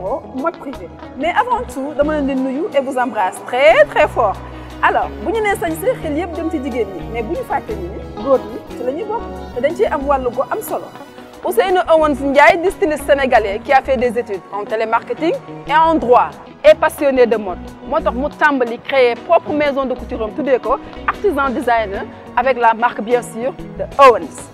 numéro mais avant tout je et vous embrasse très très fort alors si vous avez un xel vous pouvez ci jigéen un mais bu ñu fàtte ñi ni góor ci la ñuy bokk te dañ un am Owens sénégalais qui a fait des études en télémarketing et en droit et passionné de mode moo tax mu tàmbali créer propre maison de couture en tout ko artisan designer avec la marque bien sûr de Owens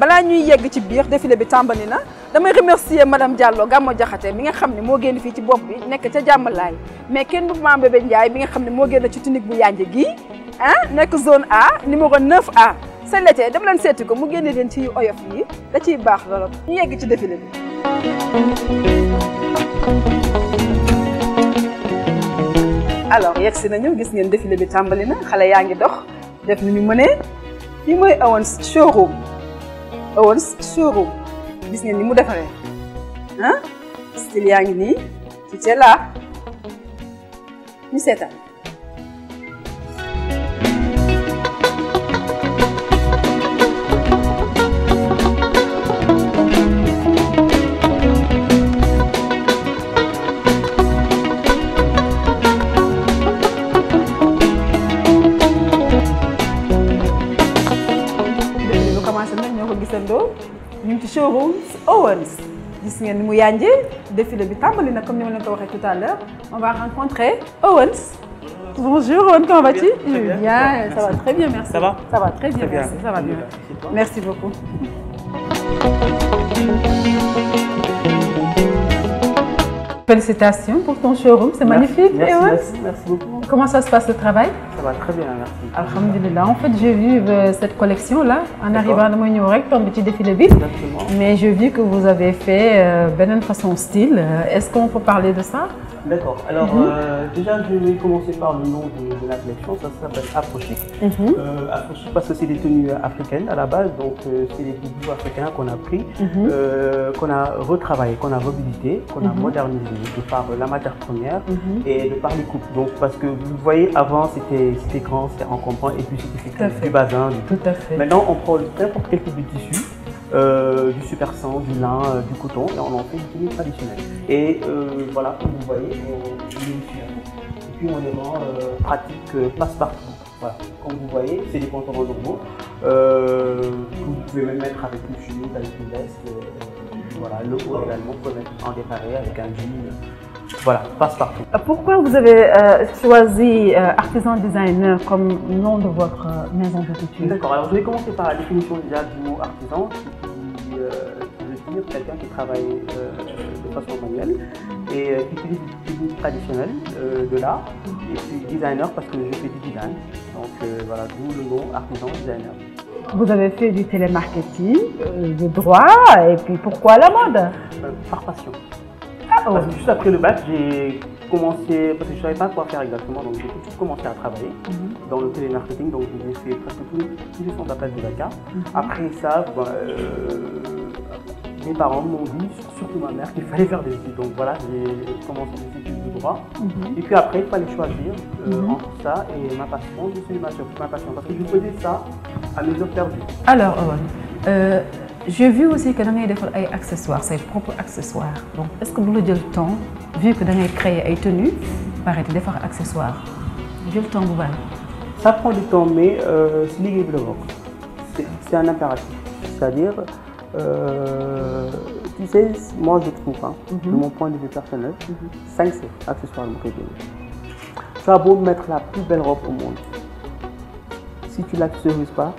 balaa ñuy yegg ci biir défilé bi tàmbali na damay remercier madame Diallo Gamo Diakhaté mi nga xam ne moo génn fii ci bopp bi nekk ca jàmmalaay mais kenn du maam bébé Ndiaye mi nga xam ne moo génn ci tunique bu yànje gi ah nekk zone A numéro 9A c'est l'été dama leen seeti ko mu génne leen ci yu oyof yi da ciy baax lool ñu yegg ci défilé bi. alors yegg si nañu gis ngeen défilé bi tàmbali na xale yaa ngi dox def ni ñu mënee li mooy awoon showroom Awards showroom gis ngeen ni mu defaree ah style yaa ngi nii ci la ñu seetaan Owens gis ngeen ni mu yànjee défilé bi tàmbali na comme nous ma leen ko tout à l'heure on va rencontrer Owens bonjour Owens comment vas-tu bien, bien ça va très bien merci ça va ça va très bien, merci ça va bien merci beaucoup félicitations pour ton showroom c'est magnifique Owens merci beaucoup Comment ça se passe le travail Ça va très bien, merci. Alhamdulillah. En fait, j'ai vu euh, cette collection-là en arrivant à Moignorec, pour un petit défilé Exactement. Mais j'ai vu que vous avez fait euh, façon style. Euh, est-ce qu'on peut parler de ça D'accord. Alors, mhm. euh, déjà, je vais commencer par le nom de, la collection. Ça, s'appelle mhm. euh, Afrochic. parce que c'est des tenues africaines à la base. Donc, euh, c'est des bijoux africains qu'on a pris, mhm. qu'on a retravaillé, qu'on a mobilité, qu'on a modernisé de par la matière première et de par les coupes. Donc, parce que vous voyez, avant, c'était grand, c'était encombrant et puis c'était du bazin. tout. à fait. Maintenant, on prend n'importe quel type de tissu. Euh, du super sang, du lin, euh, du coton, et on en fait une tenue traditionnelle. Et euh, voilà, comme vous voyez, on est Et puis on euh, pratique passe-partout. Voilà. Comme vous voyez, c'est des pantalons normaux. vous pouvez même mettre avec une chemise, avec une veste. voilà, le haut également, vous pouvez en déparé avec un jean. Voilà, passe-partout. Euh, pourquoi vous avez euh, choisi euh, Artisan Designer comme nom de votre maison de couture D'accord, alors je vais commencer par la définition déjà du mot artisan, qui veut dire quelqu'un qui travaille de façon manuelle et qui utilise des techniques traditionnelles de l'art. Et puis designer parce que je fais du design. Donc voilà, d'où le mot artisan designer. Vous avez fait du télémarketing, du droit, et puis pourquoi la mode Par passion. Ah, parce juste après le bac, j'ai commencé, parce que je ne savais pas quoi faire exactement, donc j'ai tout de suite commencé à travailler mhm. dans le télémarketing, donc j'ai fait presque tous les centres d'appel de Dakar. Mhm. Après ça, bah, euh, mes parents m'ont dit, surtout ma mère, qu'il fallait faire des études. Donc voilà, j'ai commencé des études de droit. Mhm. Et puis après, il fallait choisir euh, entre ça et ma passion, je suis ma passion, parce que je faisais ça à mes heures perdues. Alors, euh, j'ai vu aussi que da ngay des accessoires ses propres accessoires donc est-ce que vous dire le temps vu que vous ngay créé ay tenues de faire des accessoires le temps vous ça prend du temps mais euh, c'est c'est un impératif c'est-à-dire euh, tu sais moi je trouve hein, de mhm. mon point de vue personnel 5 mhm. accessoires de mon ça vaut mettre la plus belle robe au monde si tu l'accessorises pas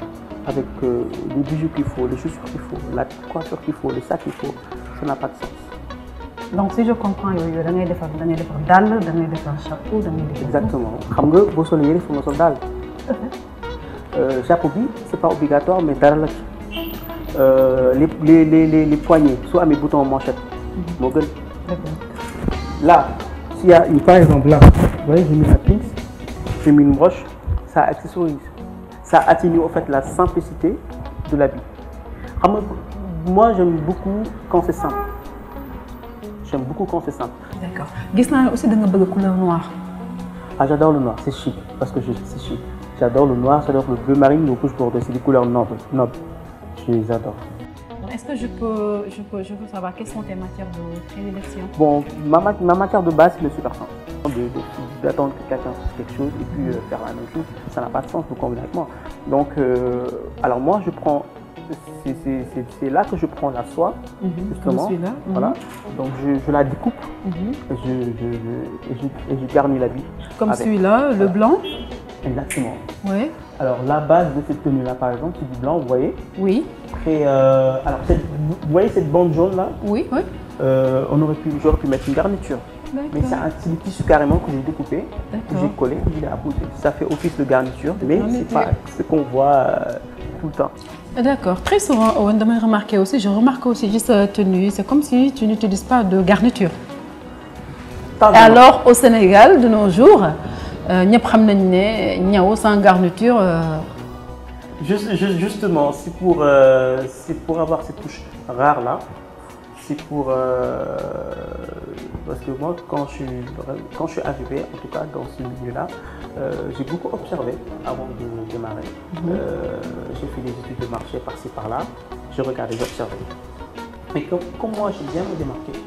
avec euh, les bijoux qu'il faut, les chaussures qu'il faut, la coiffure qu'il faut, le sac qu'il faut, ça n'a pas de sens. donc si je comprends il y a des da ngay defar dàll da ngay defar chapeau da ngay exactement Comme vous boo solo yëre foog nga sol euh, chapeau ce n'est pas obligatoire mais dans la ci. Euh, les les les les poignets boutons amee bouton manchette. Mhm. moo gën. là s'il y a une par exemple là vous voyez j'ai mis la pince j'ai mis une broche ça accessorise ça atténue en fait la simplicité de la vie. Moi, j'aime beaucoup quand c'est simple. J'aime beaucoup quand c'est simple. D'accord. a aussi de la couleur noire. Ah, j'adore le noir, c'est chic, parce que c'est chic. J'adore le noir, j'adore le bleu marine, le rouge bordeaux, c'est des couleurs nobles, nobles. Je les adore. Est-ce que je peux, je je savoir quelles sont tes matières de prédilection Bon, ma, ma matière de base, c'est le super simple d'attendre que quelqu'un fasse quelque chose et puis euh, faire la même chose, ça n'a pas de sens tout complètement. Donc, euh, alors moi, je prends, c'est là que je prends la soie, mhm, justement. Mhm. Voilà. Donc, je, la découpe mhm. je, je, et, je, garnis la vie. Comme celui-là, le blanc Exactement. Ouais. Alors, la base de cette tenue-là, par exemple, c'est du blanc, vous voyez Oui. Après, euh, alors, vous voyez cette bande jaune-là Oui, oui. on aurait j'aurais pu mettre une garniture. Mais c'est un petit tissu carrément que j'ai découpé, que j'ai collé, que j'ai Ça fait office de garniture, mais ce pas ce qu'on voit euh, tout le temps. Ah, d'accord. Très souvent, on m'a remarqué aussi, je remarque aussi juste euh, tenue, c'est comme si tu n'utilises pas de garniture. Alors, au Sénégal, de nos jours, n'y a pas sans garniture. Euh, juste, justement, c'est pour, pour avoir ces touches rares là. C'est pour parce que moi, quand je, suis arrivé, en tout cas dans ce milieu-là, euh, j'ai beaucoup observé avant de démarrer. Mhm. Euh, j'ai fait des études de marché par-ci par-là, je regardais, j'observais. Mais comme, moi, j'ai bien me démarquer,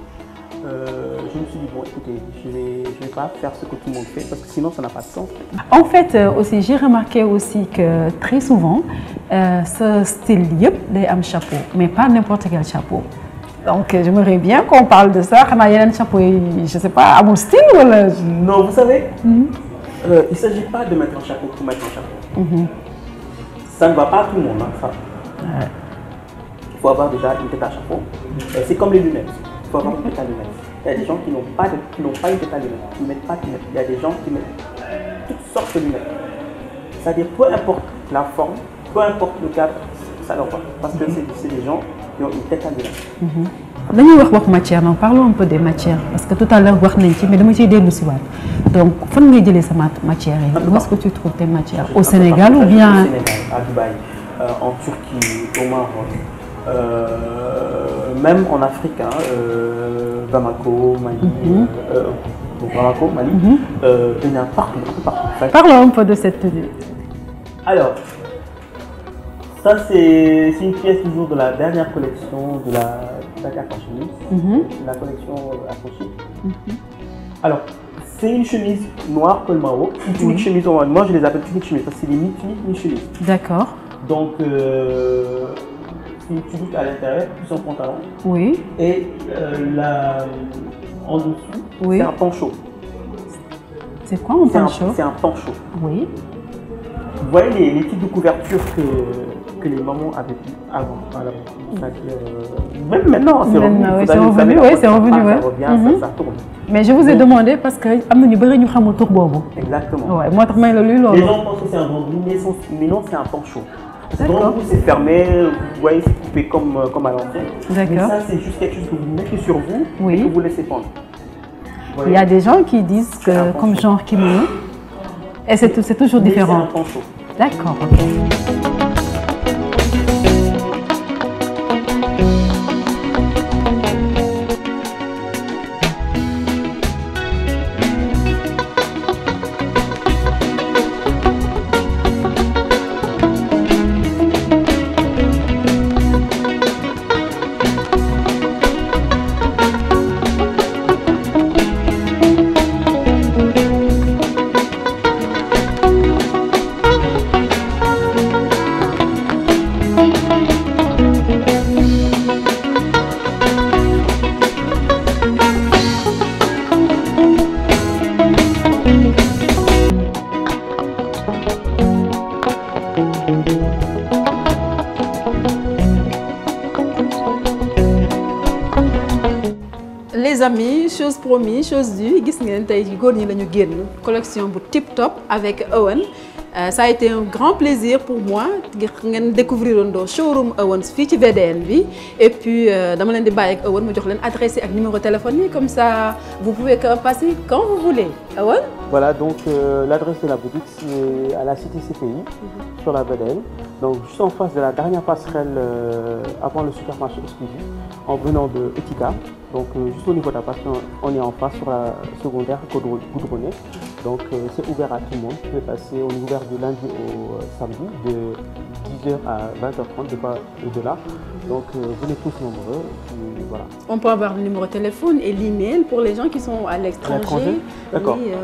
euh, je me suis dit, bon, écoutez, je ne vais, pas faire ce que tout le monde fait parce que sinon, ça n'a pas de sens. En fait, aussi, j'ai remarqué aussi que très souvent, euh, ce style, y a un chapeau, mais pas n'importe quel chapeau donc euh, j'aimerais bien qu'on parle de ça je ne chapeau ne sais pas à mon style là non vous savez. Mhm. Euh, il ne s'agit pas de mettre un chapeau pour mettre un chapeau. ça ne va pas à tout le monde hein, ça. il faut avoir déjà une tête à chapeau. c'est comme les lunettes il faut avoir une tête à lunettes. Il y a des gens qui n'ont pas, pas une tête à lunettes qui ne mettent pas de lunettes il y a des gens qui mettent toutes sortes de lunettes c'est-à-dire peu importe la forme peu importe le cadre ça leur va parce que mhm. c'est des gens ñoo ñu une tête wax des matière On parlons un peu des matières parce que tout à l'heure wax nañ ci mais dama ciy de si donc fan nous jëlee les matière où est-ce que tu trouves tes matières au Sénégal ou bien au Sénégal à Dubaï euh, en Turquie au Maroc euh, même en Afrique hein, euh, Bamako Mali mm Bamako Mali mm -hmm. il y a partout, partout. parlons un peu de cette tenue alors ça, c'est une pièce toujours de la dernière collection de la Dakar Fashionist, mhm. la collection euh, accrochée. Mhm. Alors, c'est une chemise noire col maro, une oui. chemise Moi, je les appelle tunique chemise parce c'est les mi-tuniques, mi-chemise. D'accord. Donc, euh, c'est une tunique à l'intérieur, plus un pantalon. Oui. Et euh, la, en dessous, c'est un pancho. C'est quoi un pancho C'est un, un, pancho. Oui. Vous voyez les, les types de couvertures que que les mamans avaient pu avant. Mm. Euh, même maintenant, c'est revenu. Oui, c'est revenu, c'est revenu. Ah, ça revient, mm-hmm. ça, tourne. Mais je vous ai demandé parce que nous avons un tour Exactement. Ouais, moi, je le lu. Les gens pensent que c'est un bon mais non, c'est un pancho. Donc, c'est fermé, vous voyez, c'est coupé comme, euh, comme à l'entrée. D'accord. Mais ça, c'est juste quelque chose que vous mettez sur vous et que vous laissez pendre. Il y a des gens qui disent que, comme genre kimono, et c'est toujours différent. D'accord, ok. amis chose promise chose due qui ngeen tey góor ñi la ñu collection bu tip top avec Owen euh, ça a été un grand plaisir pour moi de découvrir le showroom Owens fii VDN et puis euh, dama len di avec ak Owens ma jox l'adresse et le numéro téléphone comme ça vous pouvez passer quand vous voulez voilà donc euh, l'adresse de la boutique c'est à la cité CPI mhm. sur la VDN donc juste en face de la dernière passerelle avant le supermarché exclusif en venant de Etika donc juste au niveau de la passerelle on est en face sur la secondaire goudronnée donc euh, c'est ouvert à tout le monde. Vous vais passer, au ouvert du lundi au euh, samedi, de 10h à 20h30, de pas au-delà. Donc euh, vous êtes tous nombreux. On peut avoir le numéro de téléphone et l'email pour les gens qui sont à l'étranger.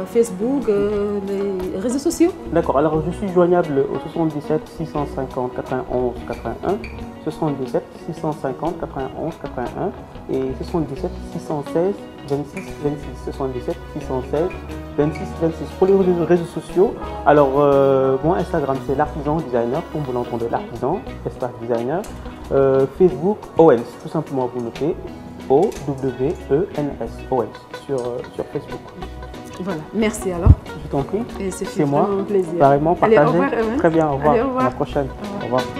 Facebook, les réseaux sociaux. D'accord. Alors je suis joignable au 77 650 91 81. 77 650 91 81 et 77 616 26 26 77 616 26 pour les réseaux sociaux. Alors, euh, mon Instagram, c'est l'artisan designer, pour vous l'entendre. l'artisan, espace designer. Euh, Facebook, OLS, tout simplement, vous notez O-W-E-N-S, Owens, sur, euh, sur Facebook. Voilà, merci alors. Je t'en prie. C'est moi. Un plaisir. partagez. Très bien, au revoir. À la prochaine. Au revoir. Au revoir.